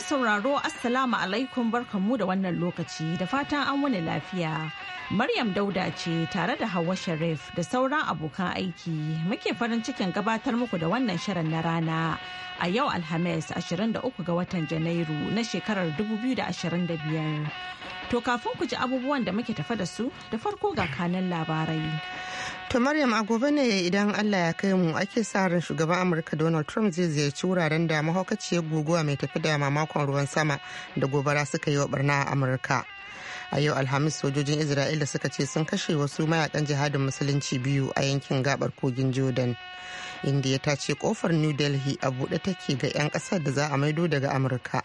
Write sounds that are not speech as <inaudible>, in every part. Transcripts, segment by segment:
sauraro Assalamu alaikum barkanmu da wannan lokaci da fatan an wani lafiya. Maryam Dauda ce tare da Hauwa Sharif da sauran abokan aiki muke farin cikin gabatar muku da wannan shirin na rana a yau Alhamis 23 ga watan Janairu na shekarar 2025. To kafin ku ji abubuwan da muke tafa da su da farko ga kanan labarai. To Maryam a gobe ne idan Allah ya kai mu ake sa ran shugaban Amurka Donald Trump zai ziyarci wuraren da mahaukaciyar guguwa mai tafi da mamakon ruwan sama da gobara suka yi wa barna a Amurka. A yau Alhamis sojojin Isra'ila suka ce sun kashe wasu mayakan jihadin musulunci biyu a yankin gabar kogin Jordan. India ta ce kofar New Delhi a buɗe take ga 'yan ƙasar da za a maido daga Amurka.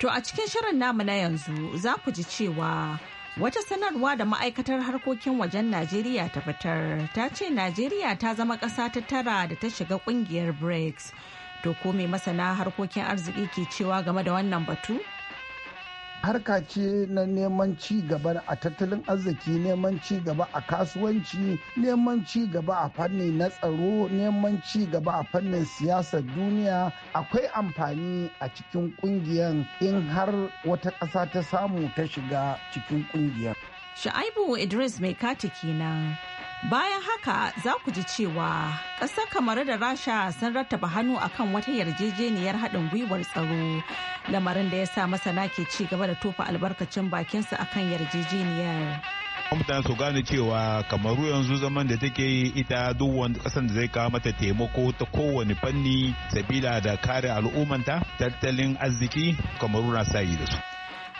To a cikin shirin namu na yanzu za ku ji cewa Wata sanarwa da ma'aikatar harkokin wajen Najeriya ta fitar ta ce Najeriya ta zama ƙasa ta tara da ta shiga ƙungiyar BRICS. To ko mai masana harkokin arziki ke cewa game da wannan batu? harka ce na neman ci gaba a tattalin arziki neman ci gaba a kasuwanci neman ci gaba a fanni na tsaro neman ci gaba a fannin siyasar duniya akwai amfani a cikin kungiyar in har wata ƙasa ta samu ta shiga cikin kungiyar. Sha'aibu Idris mai kati kenan. Bayan haka za ku ji cewa ƙasar kamar da Rasha sun rattaba hannu akan wata yarjejeniyar haɗin gwiwar tsaro lamarin da ya sa masana ke ci gaba da tofa albarkacin bakinsa akan yarjejeniyar. mutane su gane cewa kamaru yanzu zaman da take yi ita duk wani kasan da zai kawo mata taimako ta kowane fanni sabila da kare al'ummanta tattalin arziki kamaru na sayi da su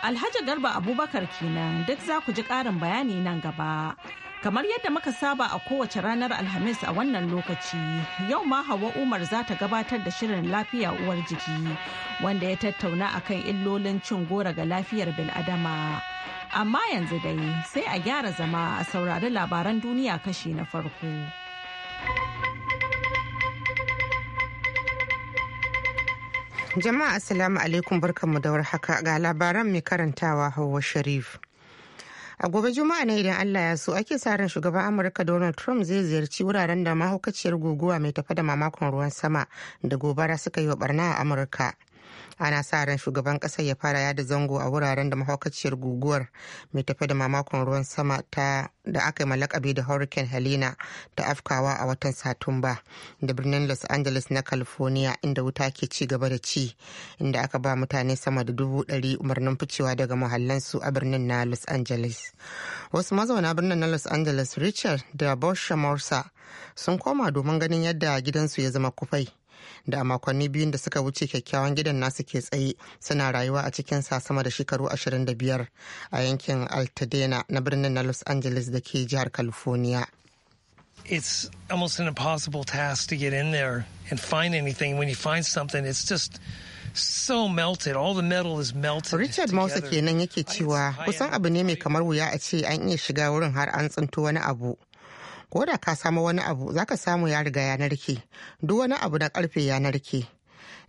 alhaji garba abubakar kenan duk za ku ji ƙarin bayani nan gaba Kamar yadda muka saba a kowace ranar Alhamis a wannan lokaci, yau ma Hawa Umar za ta gabatar da shirin lafiya uwar jiki wanda ya tattauna akan illolin cin gora ga lafiyar bil adama. Amma yanzu dai sai a gyara zama a saurari labaran duniya kashi na farko. Jama'a Assalamu alaikum barkanmu da haka ga labaran mai karantawa Hauwa Sharif. a gobe juma'a na idan allah ya so ake sa ran shugaban amurka donald trump zai ziyarci wuraren da mahaukaciyar guguwa mai tafa da mamakon ruwan sama da gobara suka yi wa barna a amurka ana sa ran shugaban kasar ya fara yada zango a wuraren da mahaukaciyar guguwar mai tafi da mamakon ruwan sama ta da aka yi malakabi da hurricane helena ta afkawa a watan satumba da birnin los angeles na california inda wuta ke ci gaba da ci inda aka ba mutane sama da dubu ɗari umarnin ficewa daga muhallansu a birnin na los angeles wasu mazauna birnin na los angeles richard da borsha morsa sun koma domin ganin yadda gidansu ya zama kufai da a makonni biyun da suka wuce kyakkyawan gidan nasu ke tsaye suna rayuwa a cikin sa sama da shekaru 25 a yankin altadena na birnin na los angeles da ke jihar california it's almost an impossible task to get in there and find anything. When you find something, it's just so melted. All the metal is melted. Richard Mausa kenan yake cewa kusan abu ne mai kamar wuya a ce an iya shiga wurin har an tsinto wani abu. ko da ka samu wani abu zaka samu ya riga ya narke duk wani abu na karfe ya narke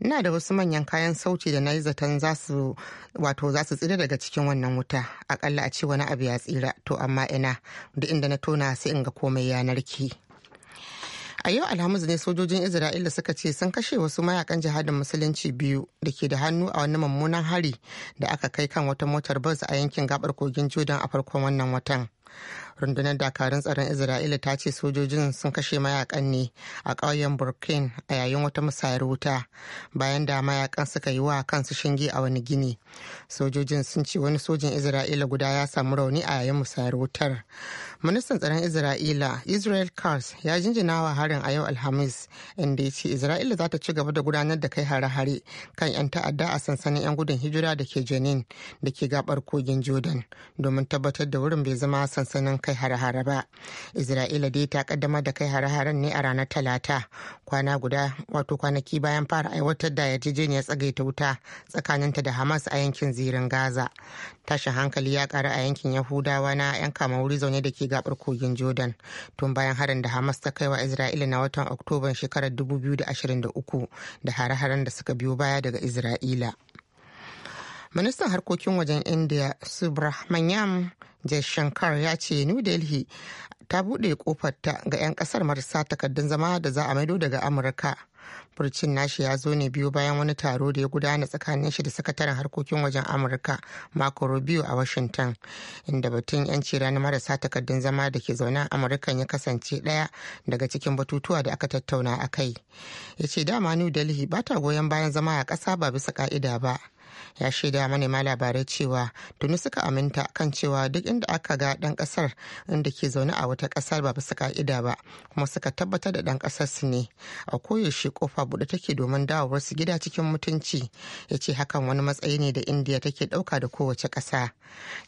ina da wasu manyan kayan sauti da na yi zaton za su wato za su tsira daga cikin wannan wuta akalla a ce wani abu ya tsira to amma ina duk inda na tona sai in ga komai ya narke a yau alhamis ne sojojin isra'ila suka ce sun kashe wasu mayakan jihadin musulunci biyu da ke da hannu a wani mummunan hari da aka kai kan wata motar bus a yankin gabar kogin jordan a farkon wannan watan rundunar dakarun tsaron isra'ila ta ce sojojin sun kashe mayakan ne a ƙauyen burkin a yayin wata musayar wuta bayan da mayakan suka yi wa kansu shinge a wani gini sojojin sun ce wani sojin isra'ila guda ya samu rauni a yayin musayar wutar ministan tsaron isra'ila israel Cars ya jinjina wa harin a yau alhamis inda ya ce isra'ila za ta ci gaba da gudanar da kai hare-hare kan 'yan ta'adda a sansanin 'yan gudun hijira da ke jenin da ke gabar kogin jordan domin tabbatar da wurin bai zama sansanin kai hare-hare ba isra'ila dai ta kaddama da kai hare-haren ne a ranar talata kwana guda wato kwanaki bayan fara aiwatar da yarjejeniyar tsagaita wuta tsakaninta da hamas a yankin zirin gaza tashin hankali ya kara a yankin yahudawa na 'yan kama wuri zaune da ke gabar kogin jordan tun bayan harin da hamas ta kai wa isra'ila na watan oktoban shekarar 2023 da hare-haren da suka biyo baya daga isra'ila ministan harkokin wajen india subrahmanyam jaishankar ya ce new delhi ta buɗe ta ga 'yan ƙasar marasa takardun zama da za a maido daga amurka furcin nashi ya zo ne biyu bayan wani taro da ya gudana tsakanin shi da sakataren harkokin wajen amurka mako rubio a washington inda batun yanci ranar marasa takardun zama da ke zaune amurkan ya kasance daya daga cikin batutuwa da aka tattauna a kai ya ce dama new delhi ba ta goyon bayan zama a ƙasa ba bisa ka'ida ba ya shaida manema labarai cewa tuni suka aminta kan cewa duk inda aka ga dan kasar inda ke zaune a wata kasar ba su ka'ida ba kuma suka tabbatar da dan kasar su ne a koyaushe kofa bude take domin dawowar su gida cikin mutunci ya ce hakan wani matsayi ne da indiya take ɗauka da kowace ƙasa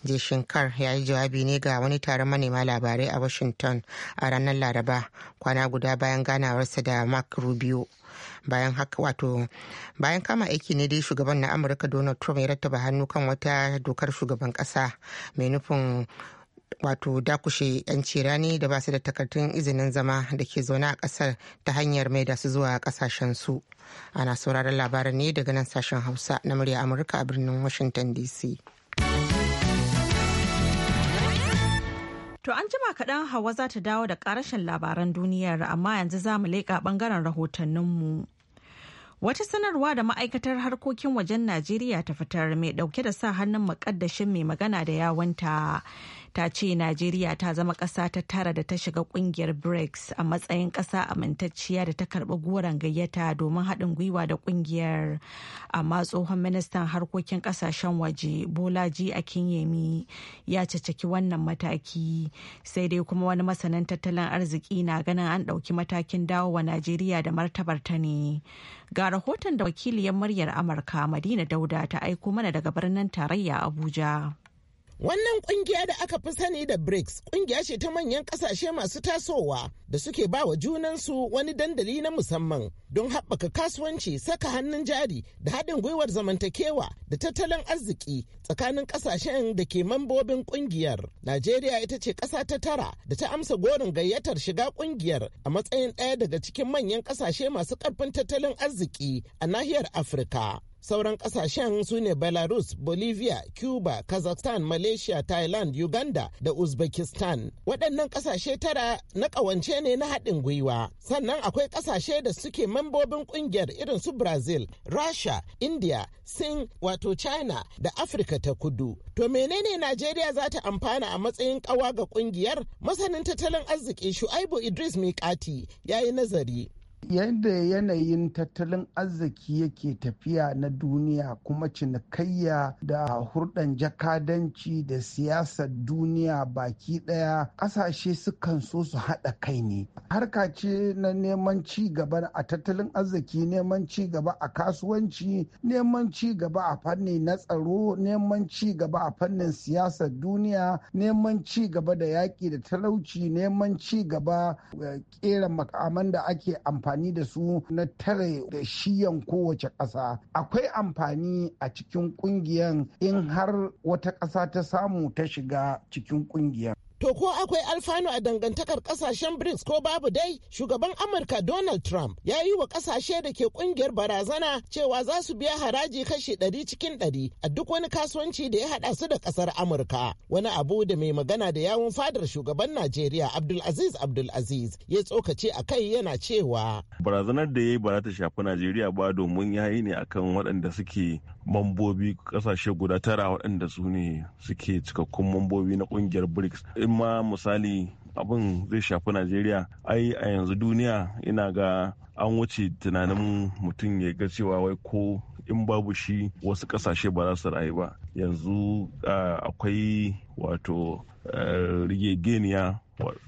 jeshinkar ya yi jawabi ne ga wani taron manema labarai a washington a ranar laraba kwana guda bayan ganawarsa da mark rubio bayan haka wato bayan kama aiki ne dai shugaban na amurka donald trump ya rattaba hannu kan wata dokar shugaban kasa mai nufin wato dakushe 'yanci rani da basu da takardun izinin zama da ke zaune a kasar ta hanyar mai da su zuwa kasashen su ana sauraron labaran ne daga nan sashen hausa na murya amurka a birnin washington dc To an jima kaɗan Hawa za ta dawo da ƙarashin labaran duniyar amma yanzu za mu leƙa ɓangaren rahotanninmu. Wata sanarwa da ma'aikatar harkokin wajen Najeriya ta fitar mai dauke da sa hannun makaddashin mai magana da yawanta ta ce najeriya ta zama ƙasa ta tara da ta shiga ƙungiyar brics a matsayin ƙasa amintacciya da ta karɓi goron gayyata domin haɗin gwiwa da ƙungiyar amma tsohon ministan harkokin ƙasashen waje bolaji akinyemi ya cacaki wannan mataki sai dai kuma wani masanin tattalin arziki na ganin an ɗauki matakin dawo wa najeriya da martabar ta ne ga rahoton da wakiliyar muryar amurka madina dauda ta aiko mana daga birnin tarayya abuja Wannan kungiya da aka fi sani da BRICS kungiya ce ta manyan kasashe masu tasowa da suke ba wa junansu wani dandali na musamman don haɓaka kasuwanci saka hannun jari da haɗin gwiwar zamantakewa da tattalin arziki tsakanin kasashen da ke mambobin kungiyar. Najeriya ita ce ƙasa ta tara da ta amsa gorin gayyatar shiga kungiyar a matsayin ɗaya daga cikin manyan kasashe masu ƙarfin tattalin arziki a nahiyar Afirka. sauran kasashen su ne belarus bolivia cuba kazakhstan malaysia thailand uganda da uzbekistan waɗannan kasashe tara na ƙawance ne na haɗin gwiwa sannan akwai kasashe da suke mambobin ƙungiyar irin su brazil rasha india sin wato china da afirka ta kudu to menene najeriya za ta amfana a matsayin ƙawa ga ƙungiyar masanin tattalin arziki shu'aibu idris mikati ya yi nazari yadda yanayin tattalin arziki yake tafiya na duniya kuma cinikayya da hurdan jakadanci da siyasar duniya baki ɗaya, ƙasashe sukan so su haɗa kai ne harka ce na neman ci gaba a tattalin arziki neman ci gaba a kasuwanci neman ci gaba a fanni na tsaro neman ci gaba a fannin siyasar duniya neman ci gaba da yaƙi da talauci neman ci gaba eh, makaman da ake amfani amfani da su na tare da shiyan kowace ƙasa akwai amfani a cikin ƙungiyan in har wata ƙasa ta samu ta shiga cikin ƙungiyan. To ko akwai alfanu a dangantakar kasashen BRICS ko babu dai shugaban Amurka Donald Trump ya yi wa kasashe da ke kungiyar barazana cewa za su biya haraji kashi ɗari cikin ɗari a duk wani kasuwanci da ya haɗa su da ƙasar Amurka. Wani abu da mai magana da yawun fadar shugaban Najeriya Abdulaziz Abdulaziz ya tsokace a kai yana cewa. Barazanar da ya yi ta shafi Najeriya ba domin ya yi ne akan waɗanda suke mambobi ƙasashe guda tara waɗanda su ne suke cikakkun mambobi na ƙungiyar BRICS. ma misali abin zai shafi najeriya ai a yanzu duniya ina ga an wuce tunanin mutum ya ga cewa wai ko in babu shi wasu kasashe ba za su rayu ba yanzu akwai wato rigegeniya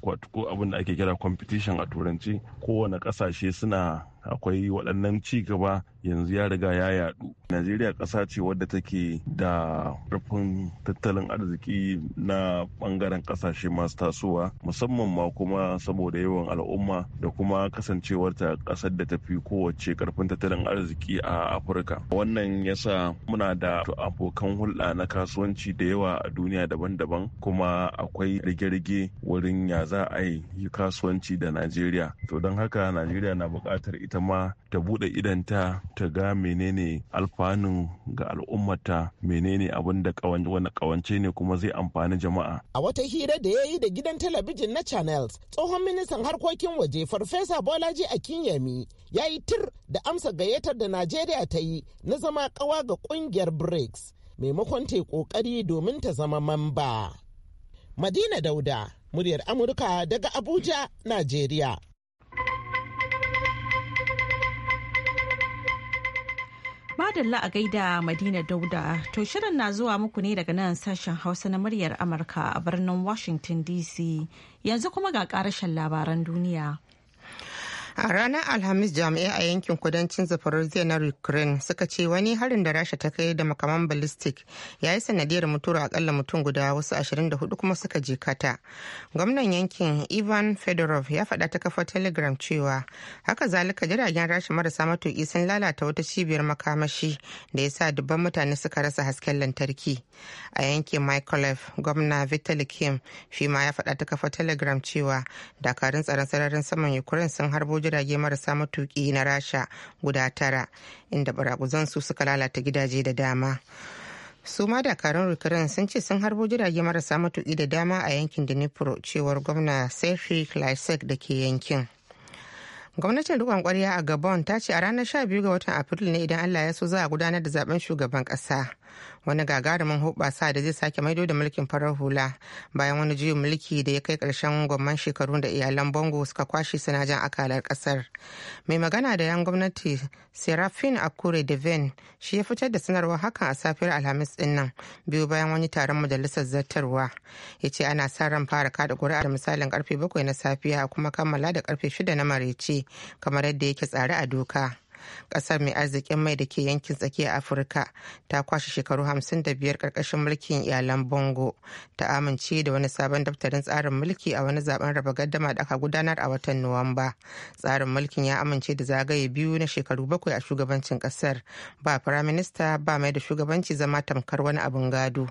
wato ko abin da ake kira competition a turanci kowane kasashe suna akwai waɗannan ci gaba yanzu ya riga ya yadu najeriya ƙasa ce wadda take da ƙarfin tattalin arziki na ɓangaren ƙasashe masu tasowa musamman ma kuma saboda yawan al'umma da kuma kasancewarta ƙasar da tafi kowace ƙarfin tattalin arziki a afirka wannan yasa muna da abokan hulɗa na kasuwanci da yawa a duniya daban-daban kuma akwai rige-rige wurin ya za a yi kasuwanci da najeriya to don haka najeriya na buƙatar ita ma ta buɗe idanta ta ga menene alfanun ga al'ummata menene abin da wani kawance ne kuma zai amfani jama'a. A wata hira da ya yi da gidan talabijin na Channels, tsohon ministan harkokin waje Farfesa Bolaji Akinyemi ya yi tir da amsa gayyatar da Najeriya ta yi na zama kawa ga kungiyar BRICS maimakon ta kokari domin ta zama mamba. Madina Dauda, muryar Amurka daga Abuja, Najeriya. Madalla a gaida Madina Dauda, to shirin na zuwa muku ne daga nan sashen Hausa na muryar Amurka a birnin Washington DC yanzu kuma ga karashen labaran duniya. A ranar Alhamis jami'ai a yankin kudancin Zaporozhye na Ukraine suka ce wani harin da Rasha ta kai da makaman ballistic ya yi sanadiyar mutuwar akalla mutum guda wasu 24 kuma suka jikata. Gwamnan yankin Ivan Fedorov ya faɗa ta kafar Telegram cewa haka zalika jiragen Rasha marasa matuƙi sun lalata wata cibiyar makamashi da ya sa dubban mutane suka rasa hasken lantarki. A yankin Mykolaiv, gwamna Vitaly Kim shi ma ya faɗa ta kafar Telegram cewa dakarun tsaron sararin saman Ukraine sun harbo jirage marasa matuki na rasha guda tara inda barakuzansu suka lalata gidaje da dama su ma dakarun ukraine sun ce sun harbo jirage marasa matuki da dama a yankin dnipro cewar gwamna sefi klasek da ke yankin gwamnatin rikon kwarya a gabon ta ce a ranar 12 ga watan afrilu ne idan allah ya so za a gudanar da zaben shugaban kasa wani gagarumin hoɓasa da zai sake maido da mulkin farar hula bayan wani juyin mulki da ya kai ƙarshen gwamman shekaru da iyalan bongo suka kwashe suna jan akalar kasar mai magana da yan gwamnati serafin akure devin shi ya fitar da sanarwar hakan a safiyar alhamis din nan biyu bayan wani taron majalisar zartarwa ya ce ana sa ran fara kada ƙuri'a da misalin karfe bakwai na safiya kuma kammala da karfe shida na maraice kamar yadda yake tsare a doka. kasar mai arzikin mai da ke yankin tsakiyar afirka ta kwashe shekaru 55 karkashin mulkin iyalan bongo ta amince da wani sabon daftarin tsarin mulki a wani zaben raba gaddama da aka gudanar a watan nuwamba tsarin mulkin ya amince da zagaye biyu na shekaru bakwai a shugabancin kasar ba firaminista ba mai da shugabanci zama tamkar wani abin gado.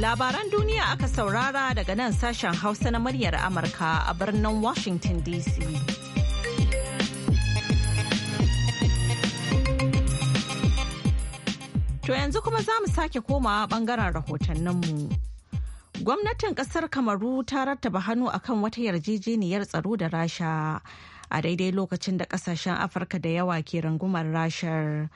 Labaran duniya aka saurara daga nan sashen Hausa na muryar Amurka a birnin Washington DC. To yanzu kuma za mu sake komawa bangaren rahotanninmu. Gwamnatin kasar Kamaru ta rattaba hannu akan wata yarjejeniyar tsaro da Rasha a daidai lokacin da kasashen Afirka da yawa ke rungumar Rashar.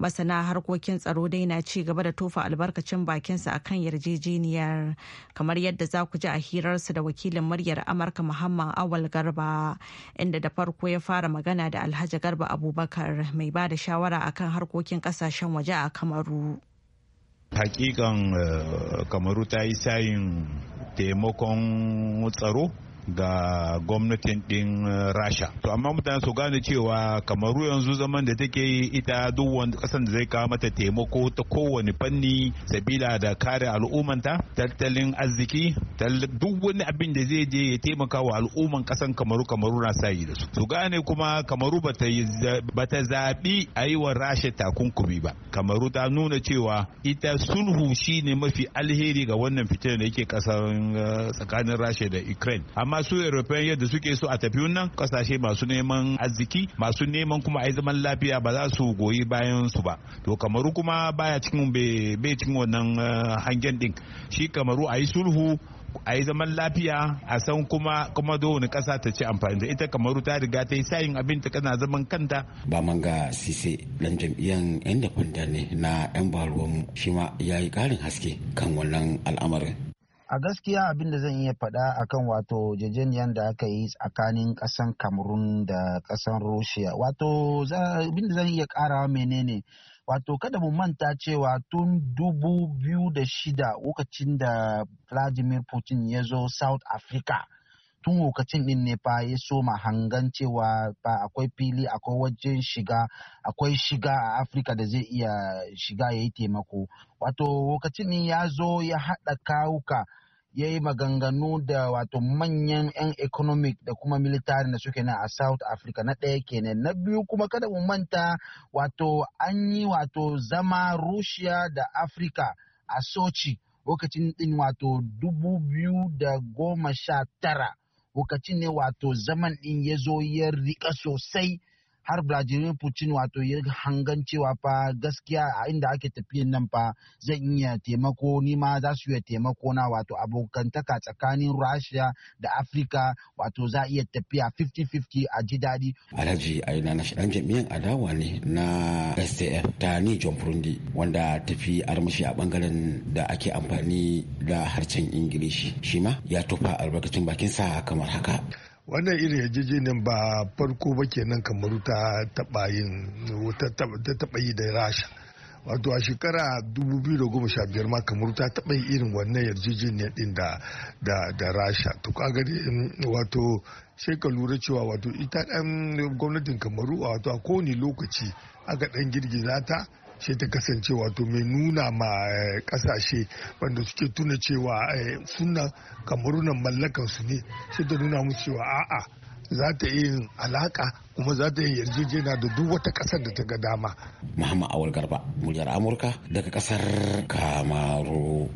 masana harkokin tsaro dai na ci gaba da tofa albarkacin bakinsa akan yarjejeniyar kamar yadda za ku ji a hirarsa da wakilin muryar amurka muhammad awal garba inda da farko ya fara magana da alhaji garba abubakar mai ba da shawara akan harkokin kasashen waje a kamaru hakikan eh, kamaru ta yi sayin taimakon tsaro ga gwamnatin din uh, rasha to amma mutane su gane cewa kamaru yanzu zaman da take yi ita duk wani kasan da zai kawo mata taimako ta kowane fanni sabila da kare al'ummanta tattalin arziki duk wani abin da zai je ya taimaka wa al'umman kasan kamaru kamaru na sayi da su su gane kuma kamaru ba ta zaɓi a yi wa rasha takunkumi ba kamaru ta nuna cewa ita sulhu shine mafi alheri ga wannan fitina da yake kasan uh, tsakanin rasha da ukraine amma su european yadda suke so a tafi nan kasashe masu neman arziki masu neman kuma ai zaman lafiya ba za su goyi bayan su ba to kamaru kuma baya cikin bai cikin wannan eh, hangen din shi kamaru ayi sulhu a yi zaman lafiya a san kuma kuma wani kasa ta ci amfani da ita kamaru ta riga ta yi sayin abin ta kana zaman kanta ba ga sise dan jam'iyyar yan da ne na yan baruwan shi ma ya yi karin haske kan wannan al'amarin a gaskiya abin da zan iya faɗa akan wato jejeniyan da aka yi tsakanin ƙasan kamerun da ƙasan russia wato abin da zan iya ƙarawa menene wato kada mu manta cewa tun dubu biyu da shida lokacin da vladimir putin ya zo south africa tun lokacin din ne fa ya soma hangan cewa ba akwai fili akwai wajen shiga akwai shiga a afirka da zai iya shiga ya yi taimako wato lokacin ne ya zo ya haɗa kawuka ya yi maganganu da wato manyan 'yan economic da kuma military da suke na a south africa na ɗaya kenan na biyu kuma kada mu manta wato an yi wato zama russia da africa a sochi lokacin din wato dubu biyu da goma sha tara lokacin ne wato zaman ɗin ya zo ya riƙa sosai har Vladimir Putin wato ya hangan cewa fa gaskiya a inda ake tafiyan nan fa zan iya taimako ni ma za su iya taimako na wato abokantaka tsakanin Russia da Africa wato za iya tafiya 50-50 a ji daɗi. Alhaji Aina na shidan jami'in adawa ne na STF ta ni John Burundi wanda tafi armashi a bangaren da ake amfani da harshen Ingilishi shi ma ya tufa albarkacin bakinsa kamar haka. wannan irin yarjejeniyar ba farko ba kenan nan ta taɓa ta taɓa yi da rasha wato a shekara 2015 ma kamar ta taɓa yi irin wannan yarjejeniyar din da rasha to ka kaga wato sai ka lura cewa wato ita ɗan gwamnatin kamaru wato a kowane lokaci aka ɗan girgiza ta sai ta kasance wato mai nuna ma kasashe eh, wanda suke tuna cewa eh, suna kamarunan mallakar su ne sai ta nuna musu cewa a'a za ta yi alaka kuma za ta yi yarjejena da duk wata kasar da ta ga dama. Muhammad Awul Garba, muryar Amurka daga kasar Kamaru.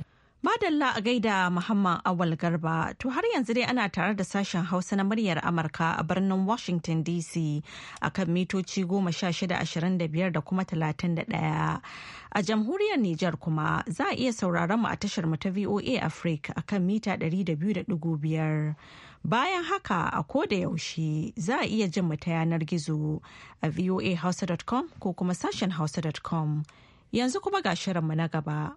Madalla a gaida Muhammad Awal Garba, to har yanzu dai ana tare da sashen Hausa na muryar Amurka a birnin Washington DC a kan mitoci 1625 da kuma 31. A jamhuriyar Nijar kuma za a iya sauraron mu a tashar mu ta VOA Africa a kan mita 200.5. Bayan haka a koda yaushe za a iya jin mu ta yanar gizo a voahausa.com ko kuma sashen hausa.com. Yanzu kuma ga shirinmu na gaba.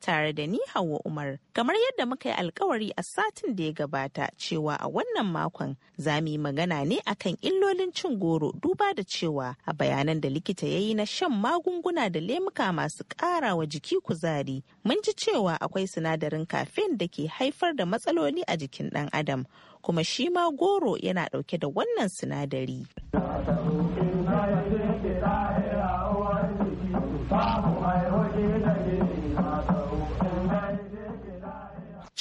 tare da ni Hauwa Umar. Kamar yadda muka yi alkawari a satin da ya gabata cewa a wannan makon za mu yi magana ne akan illolin cin goro duba da cewa a bayanan da likita ya yi na shan magunguna da lemuka masu ƙara wa jiki kuzari. Mun ji cewa akwai sinadarin kafin da ke haifar da matsaloli a jikin ɗan adam kuma shi ma goro yana ɗauke da wannan sinadari.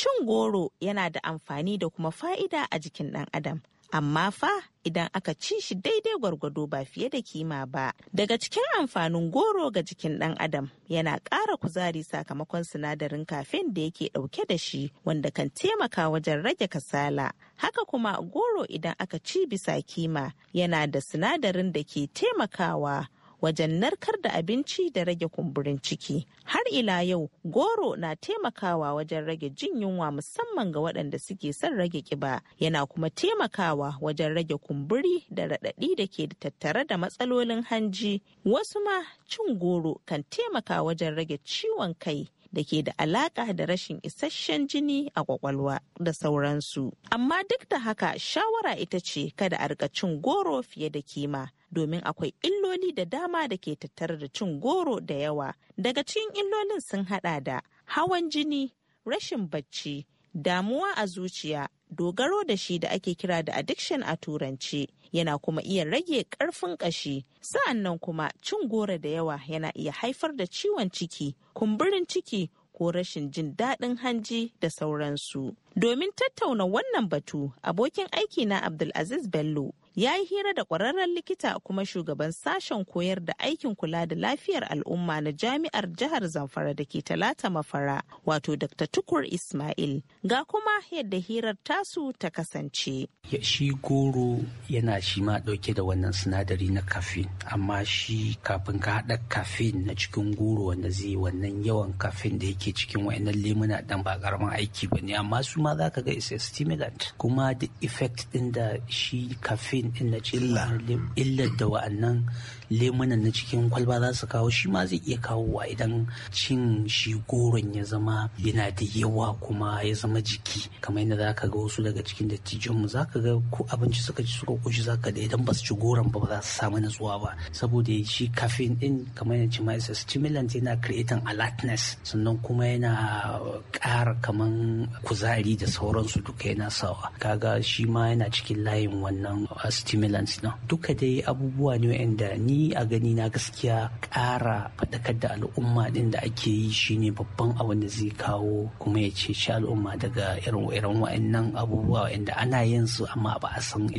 Cin goro yana da amfani da kuma fa'ida a jikin ɗan adam. Amma fa idan aka ci shi daidai gwargwado ba fiye da kima ba. Daga cikin amfanin goro ga jikin ɗan adam yana ƙara kuzari sakamakon sinadarin kafin da yake ɗauke da shi wanda kan taimaka wajen rage kasala. Haka kuma goro idan aka ci bisa kima yana da sinadarin da ke taimakawa wajen narkar da abinci da rage kumburin ciki. Har ila yau goro na taimakawa wajen rage jin yunwa musamman ga waɗanda suke son rage ƙiba yana kuma taimakawa wajen rage kumburi da raɗaɗi da ke da tattare da matsalolin hanji. Wasu ma cin goro kan taimaka wajen rage ciwon kai da ke da alaƙa da rashin isasshen jini a kwakwalwa da sauransu. Amma duk da haka shawara ita ce kada a cin goro fiye da kima. domin akwai illoli da dama da ke tattare da cin goro da yawa. Daga cikin illolin sun hada da hawan jini, rashin bacci, damuwa a zuciya, dogaro da shi da ake kira da addiction a turanci yana kuma iya rage karfin kashi sa'annan kuma cin goro da yawa yana iya haifar da ciwon ciki kumburin ciki ko rashin jin daɗin hanji da sauransu domin tattauna wannan batu abokin aiki na abdulaziz bello ya yi hira da kwararren likita kuma shugaban sashen koyar da aikin kula da lafiyar al'umma na jami'ar jihar Zamfara da ke Talata Mafara wato Dr. Tukur Ismail ga kuma yadda hirar tasu ta kasance. Shi goro yana shi ma dauke da wannan sinadari na kafin amma shi kafin ka haɗa kafin na cikin goro wanda zai wannan yawan kafin da yake cikin wa'annan lemuna dan ba karamin aiki ba ne amma su ma za ka ga is stimulant kuma da effect ɗin da shi kafin din na ce illar da wa'annan lemunan na cikin kwalba za su kawo shi ma zai iya kawowa idan cin shi goron ya zama yana da yawa kuma ya zama jiki kamar yadda za ka ga wasu daga cikin da mu za ka ga ko abinci suka ci suka koshi za ka da idan ba su ci goron ba ba za su samu natsuwa ba saboda shi kafin din kamar yadda cima isa stimulant yana creating alertness sannan kuma yana ƙara kamar kuzari da sauransu duka yana sawa kaga shi ma yana cikin layin wannan uh, stimulants na duka dai abubuwa ne wa'anda ni a gani na gaskiya ƙara faɗakar da al'umma din da ake yi shine babban abin da zai kawo kuma ya shi al'umma daga irin irin wa'annan abubuwa wa'anda ana yin su amma ba a san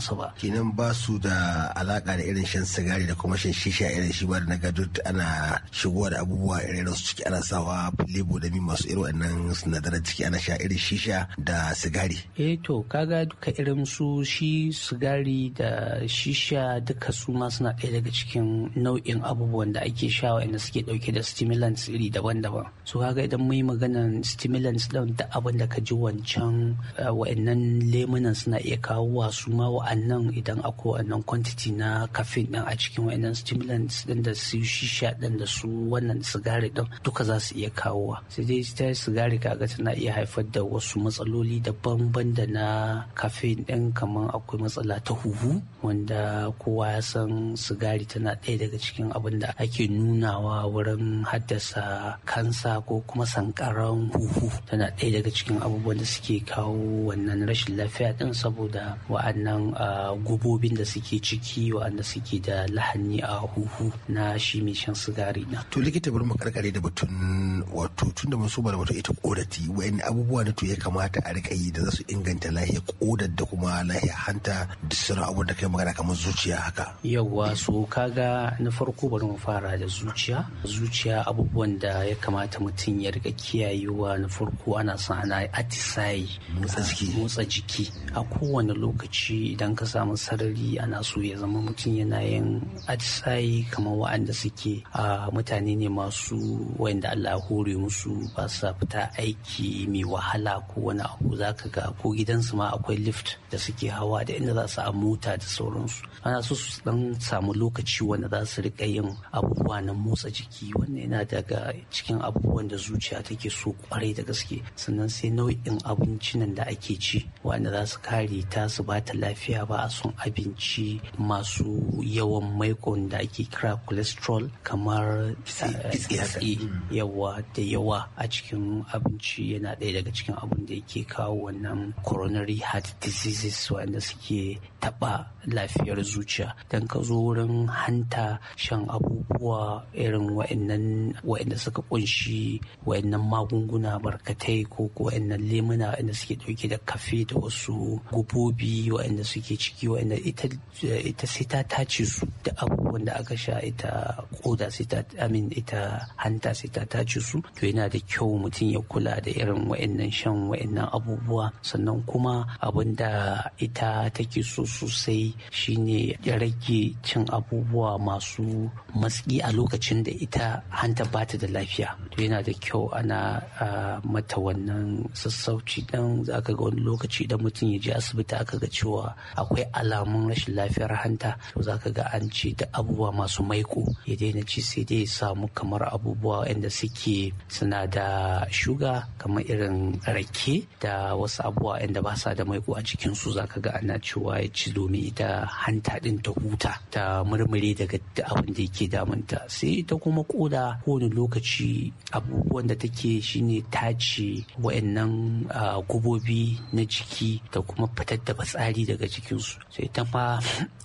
su ba kenan ba su da alaka da irin shan sigari da kuma shan shisha irin shi ba da naga duk ana shigowa da abubuwa irin su ciki ana sawa lebo da masu irin wa'annan sinadaran ciki ana sha irin shisha da sigari eh to kaga duka irin su shi sigari sigari da shisha duka su ma suna ɗaya daga cikin nau'in abubuwan da ake sha wa'anda suke ɗauke da stimulants iri daban-daban su kaga idan mun yi maganan stimulants ɗin da abin da ka ji wancan eh, wa'annan lemunan suna iya kawo su ma wa'annan idan akwai wa'annan kwantiti na caffeine ɗin a cikin wa'annan stimulants ɗin da su shisha ɗin da su wannan sigari ɗin duka za su iya kawowa sai dai ta sigari kaga tana iya haifar da wasu matsaloli daban-daban da na caffeine ɗin kamar akwai matsala ta ta huhu wanda kowa ya san sigari tana ɗaya daga cikin abin da ake nunawa wurin haddasa kansa ko kuma sankaran huhu tana ɗaya daga cikin abubuwan da suke kawo wannan rashin lafiya ɗin saboda wa'annan gubobin da suke ciki wa'anda suke da lahani a huhu na shi mai shan sigari na. To likita bari mu karkare da batun wato tun da masu bada wato ita kodati wa'in abubuwa da to ya kamata a rika yi da za su inganta lahiyar kodar da kuma lahiyar hanta duk da kai magana kamar zuciya haka yawwa so kaga na farko bari mu fara da zuciya zuciya abubuwan da ya kamata mutum ya riga kiyayewa na farko ana son ana atisayi motsa jiki jiki. a kowane lokaci idan ka samu sarari ana so ya zama mutum yana yin atisayi kamar wa'anda suke a mutane ne masu wayanda Allah hore musu ba sa fita aiki mai wahala ko wani abu zaka ga ko gidansu ma akwai lift da suke hawa da inda za su a mota da sauransu ana so su dan samu lokaci wanda za su rika yin abubuwa na motsa jiki wanda yana daga cikin abubuwan da zuciya take so kwarai da gaske sannan sai nau'in nan da ake ci wanda za su kare ta su ba ta lafiya ba a son abinci masu yawan maikon da ake kira cholesterol kamar kitse eh, mm. yawa da yawa a cikin abinci yana ɗaya daga cikin abin da yake kawo wannan coronary heart diseases wanda suke taɓa lafiyar zuciya don ka zo wurin hanta shan abubuwa irin wa'annan suka kunshi wa'annan magunguna barkatai ko wa'annan lemuna wa'anda suke dauke da kafe da wasu gubobi wa'anda suke ciki wa'anda ita sai ta tace su da abubuwan da aka sha ita koda sai ta amin ita hanta sai ta tace su to yana da kyau mutum ya kula da irin wa'annan shan wa'annan abubuwa sannan kuma abin da ita take so sosai shine ya rage cin abubuwa masu matsi a lokacin da ita hanta ba ta da lafiya to yana da kyau ana mata wannan sassauci dan za ka ga wani lokaci idan mutum ya je asibiti aka ga cewa akwai alamun rashin lafiyar hanta to za ka ga an ce da abubuwa masu maiko ya daina ci sai dai samu kamar abubuwa inda suke suna da shuga kamar irin rake da wasu abubuwa inda ba sa da maiko a su za ka ga ana cewa ya ci abinci domin ita hanta din ta huta ta murmure daga abin da yake damunta sai ta kuma koda kowane lokaci abubuwan da take shine tace wa'annan gubobi na jiki da kuma fitar da fitsari daga jikinsu sai ta ma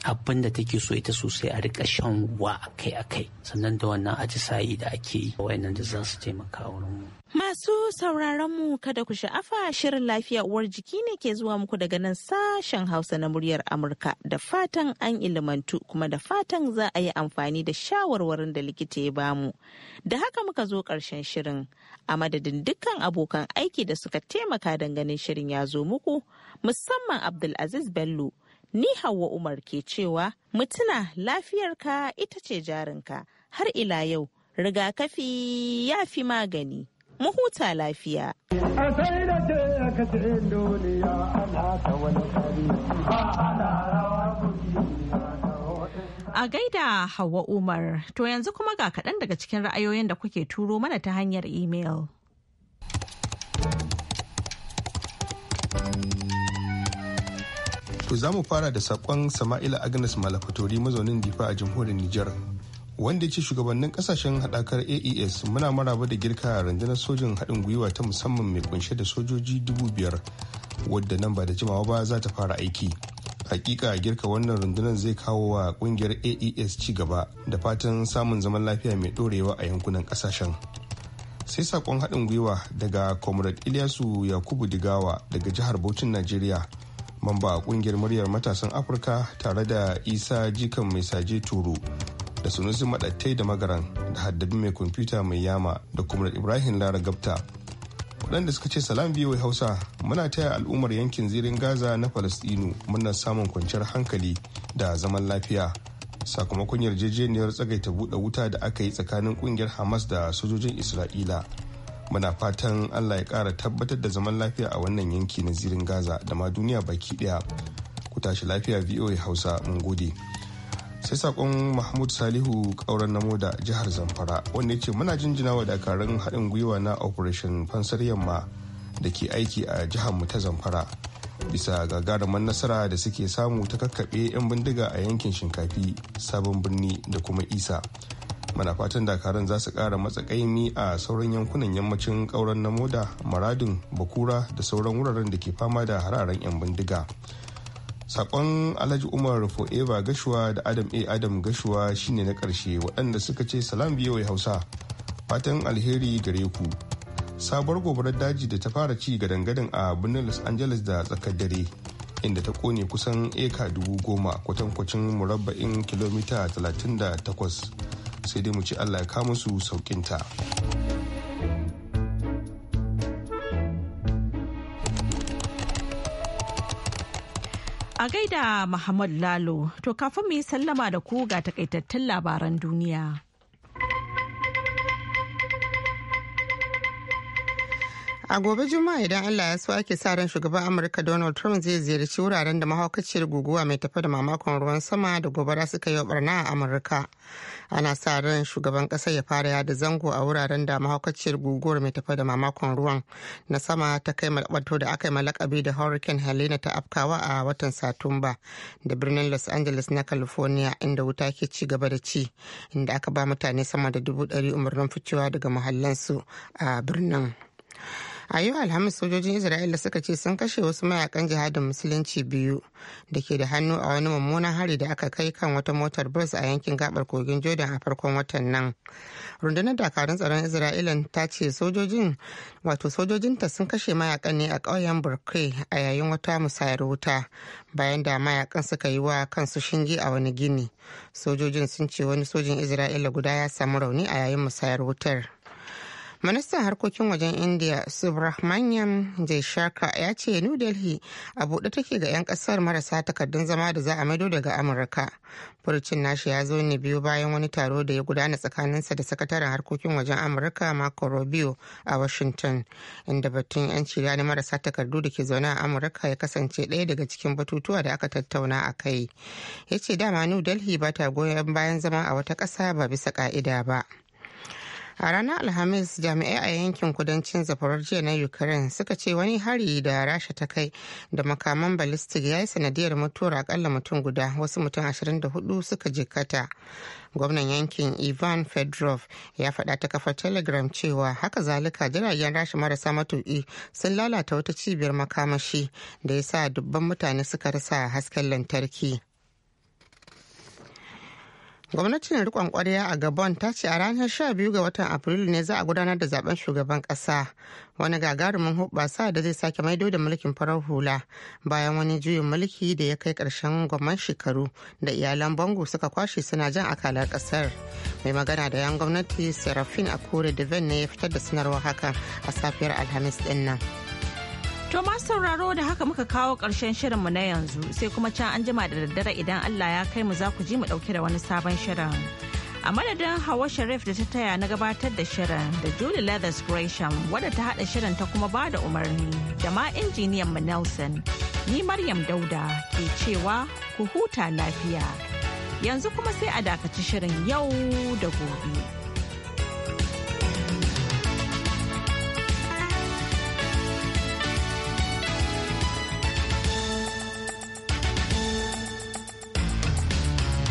<clears throat> abin da take so ita sosai a rika shan ruwa akai-akai sannan da wannan atisayi da ake yi wa'annan da za su taimaka wurin Masu sauraron mu kada ku sha'afa shirin lafiya uwar jiki ne ke zuwa muku daga nan sashen Hausa na muryar Amurka da fatan an ilimantu kuma da fatan za a yi amfani da shawarwarin da likita ya bamu. Da haka muka zo ƙarshen shirin a madadin dukkan abokan aiki da suka taimaka ganin shirin ya zo muku musamman Abdulaziz Bello. Ni Hauwa Umar ke cewa mutuna lafiyarka ita ce jarinka har ila yau rigakafi ya fi magani. mu huta lafiya. A gaida Hawa Umar, to yanzu kuma ga kaɗan daga cikin ra'ayoyin da kuke turo mana ta hanyar imel. To za mu fara da saƙon Sama'ila Agnes Malafatori mazaunin Difa a jamhuriyar Nijar. wanda ya ce shugabannin kasashen haɗakar aes muna maraba da girka rundunar sojin haɗin gwiwa ta musamman mai kunshe da sojoji dubu biyar wadda nan ba da jimawa ba za ta fara aiki hakika girka wannan rundunar zai kawo wa kungiyar aes ci gaba da fatan samun zaman lafiya mai ɗorewa a yankunan kasashen sai sakon haɗin gwiwa daga comrade ilyasu yakubu digawa daga jihar bauchin nigeria mamba a kungiyar muryar matasan afirka tare da isa jikan mai saje turu da su maɗattai da magaran da haddabi mai kwamfuta mai yama da kuma ibrahim lara gabta waɗanda suka ce salam biyu hausa muna taya al'ummar yankin zirin gaza na falastinu muna samun kwanciyar hankali da zaman lafiya sakamakon yarjejeniyar tsagaita buɗe wuta da aka yi tsakanin ƙungiyar hamas da sojojin isra'ila muna fatan allah ya ƙara tabbatar da zaman lafiya a wannan yanki na zirin gaza da ma duniya baki ɗaya ku tashi lafiya voa hausa mun gode. sai sakon mahmud salihu kauran namo da jihar zamfara wanda ya ce muna jinjina wa dakarun haɗin gwiwa na operation fansar yamma da ke aiki a jihar mu ta zamfara bisa gagarumar nasara da suke samu ta kakkaɓe 'yan bindiga a yankin shinkafi sabon birni da kuma isa mana fatan dakarun za su ƙara matsakaimi a sauran yankunan yammacin kauran namoda moda maradin bakura da sauran wuraren da ke fama da hararen 'yan bindiga sakon alhaji umar fo'eva gashuwa da adam a adam gashuwa shine na karshe waɗanda suka ce salam biyoyi hausa fatan alheri gare ku sabuwar gobarar daji da ta fara ci ga dangadin a birnin los angeles da tsakar dare inda ta kone kusan eka dubu goma kwatankwacin murabba'in kilomita 38 sai dai mu ci allah ya kama su saukinta. A gaida Muhammad Lalo, to kafin mu yi sallama da ku ga takaitattun labaran duniya. A gobe Juma'a idan Allah ya so ake sa ran shugaban Amurka Donald Trump zai ziyarci wuraren da mahaukaciyar guguwa mai tafi da mamakon ruwan sama da gobara suka yi wa barna a Amurka. Ana sa ran shugaban ƙasar ya fara yada zango a wuraren da mahaukaciyar guguwar mai tafi da mamakon ruwan na sama ta kai wato da aka yi malakabi da Hurricane Helena ta afkawa a watan Satumba da birnin Los Angeles na California inda wuta ke ci gaba da ci inda aka ba mutane sama da dubu ɗari umarnin ficewa daga muhallansu a birnin. a yau alhamis sojojin isra'ila suka ce sun kashe wasu mayakan jihadin musulunci biyu da ke da hannu a wani mummunan hari da aka kai kan wata motar bus a yankin gabar kogin jordan a farkon watan nan rundunar dakarun tsaron isra'ila ta ce sojojin wato sojojinta sun kashe mayakan ne a ƙauyen burkai a yayin wata musayar wuta bayan da mayakan suka yi wa kansu shinge a wani gini sojojin sun ce wani sojin isra'ila guda ya samu rauni a yayin musayar wutar ministan harkokin wajen india subrahmanyam jaishaka ya ce new delhi a buɗe take ga 'yan ƙasar marasa takardun zama da za a maido daga amurka furcin nashi ya zo ne biyu bayan wani taro da ya gudana tsakaninsa da sakataren harkokin wajen amurka marco rubio a washington inda batun 'yanci rani marasa takardu da ke zaune a amurka ya kasance ɗaya daga cikin batutuwa da aka tattauna a kai ya ce dama new delhi ba ta goyon bayan zama a wata ƙasa ba bisa ƙa'ida ba. a ranar alhamis jami'ai a yankin kudancin zafarar jiya na ukraine suka ce wani hari da rasha ta kai da makaman ballistic ya yi sanadiyar mutuwar akalla mutum guda wasu mutum 24 suka jikkata gwamnan yankin ivan fedorov ya faɗa ta kafar telegram cewa haka zalika jiragen rasha marasa matuƙi sun lalata wata cibiyar makamashi da ya sa dubban mutane suka rasa hasken lantarki gwamnatin rikon kwarya a gabon ta ce a ranar 12 ga watan afrilu ne za a gudanar da zaben shugaban ƙasa. wani gagarumin hubbasa da zai sake maido da mulkin farar hula bayan wani juyin mulki da ya kai ƙarshen gwamnan shekaru da iyalan bango suka kwashe suna jan akalar ƙasar. mai magana da yan gwamnati serafin akure deven ne ya fitar da sanarwar hakan a safiyar alhamis din nan. To masu sauraro da haka muka kawo ƙarshen shirinmu na yanzu sai kuma can an jima da daddare idan Allah ya kai mu za ku ji mu ɗauke da wani sabon shirin. A madadin Hawa Sharif da ta taya na gabatar da shirin da Julie Leathers Gresham wadda ta haɗa shirin ta kuma ba da umarni da ma injiniyan mu Nelson. Ni Maryam Dauda ke cewa ku huta lafiya. Yanzu kuma sai a dakaci shirin yau da gobe.